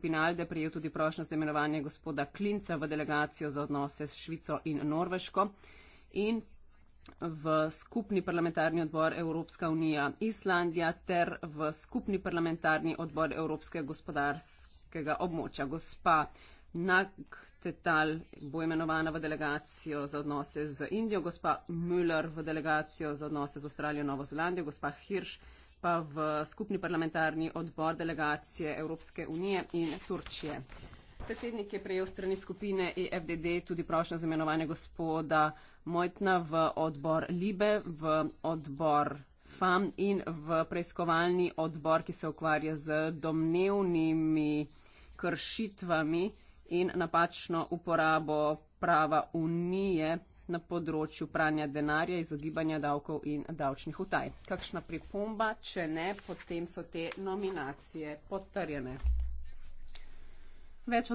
skupine Alde prejel tudi prošnjo za imenovanje gospoda Klinca v delegacijo za odnose s Švico in Norveško. In v skupni parlamentarni odbor Evropska unija Islandija ter v skupni parlamentarni odbor Evropskega gospodarskega območja. Gospa Nag Tetal bo imenovana v delegacijo za odnose z Indijo, gospa Müller v delegacijo za odnose z Avstralijo in Novo Zelandijo, gospa Hirsch pa v skupni parlamentarni odbor delegacije Evropske unije in Turčije. Predsednik je prejel strani skupine EFDD tudi prošnjo za imenovanje gospoda Mojtna v odbor Libe, v odbor FAM in v preiskovalni odbor, ki se ukvarja z domnevnimi kršitvami in napačno uporabo prava unije na področju pranja denarja, izogibanja davkov in davčnih utaj. Kakšna pripomba, če ne, potem so te nominacije potrjene. Več